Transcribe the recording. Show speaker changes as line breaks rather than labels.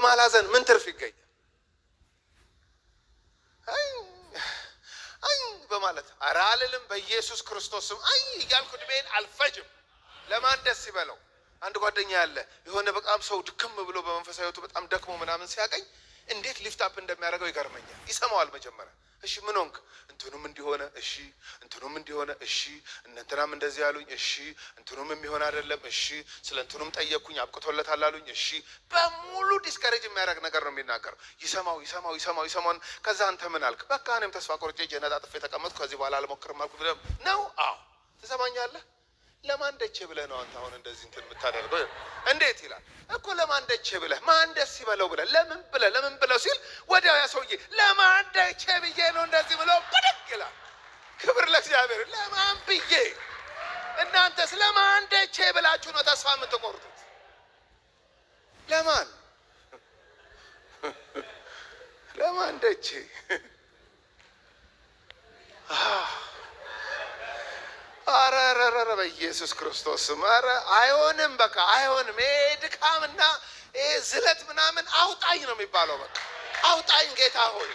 በማላዘን ምን ትርፍ ይገኛል? አይ አይ በማለት ኧረ አልልም። በኢየሱስ ክርስቶስም አይ እያልኩ ዕድሜን አልፈጅም። ለማን ደስ ይበለው። አንድ ጓደኛ ያለ የሆነ በጣም ሰው ድክም ብሎ በመንፈሳዊ በጣም ደክሞ ምናምን ሲያገኝ እንዴት ሊፍት አፕ እንደሚያደርገው ይገርመኛል። ይሰማዋል መጀመሪያ እሺ ምን ሆንክ? እንትኑም እንዲሆነ እሺ፣ እንትኑም እንዲሆነ እሺ፣ እነንትናም እንደዚህ አሉኝ እሺ፣ እንትኑም የሚሆን አይደለም እሺ፣ ስለ እንትኑም ጠየቅኩኝ አብቅቶለታል አሉኝ እሺ። በሙሉ ዲስከሬጅ የሚያደርግ ነገር ነው የሚናገር ይሰማው ይሰማው ይሰማው ይሰማውን። ከዛ አንተ ምን አልክ? በቃ እኔም ተስፋ ቆርጬ እጄን አጣጥፌ የተቀመጥኩ ከዚህ በኋላ አልሞክርም አልኩ ብለህ ነው? አዎ ትሰማኛለህ። ለማን ደቼ ብለህ ነው አንተ አሁን እንደዚህ እንትን የምታደርገው? እንዴት ይላል እኮ ለማን ደቼ ብለህ ማን ደስ ይበለው ብለህ ለምን ብለህ ለምን ብለው ሲል ወዲያው ያ ሰውዬ ለማን ደቼ ብዬ ነው እንደዚህ ብሎ ብድግ ይላል። ክብር ለእግዚአብሔር። ለማን ብዬ እናንተስ ለማን ደቼ ብላችሁ ነው ተስፋ የምትቆርጡት? ለማን ለማን ደቼ አረረረረ በኢየሱስ ክርስቶስ ማረ አይሆንም፣ በቃ አይሆንም። ይሄ ድካምና ይሄ ዝለት ምናምን አውጣኝ ነው የሚባለው በቃ አውጣኝ ጌታ ሆይ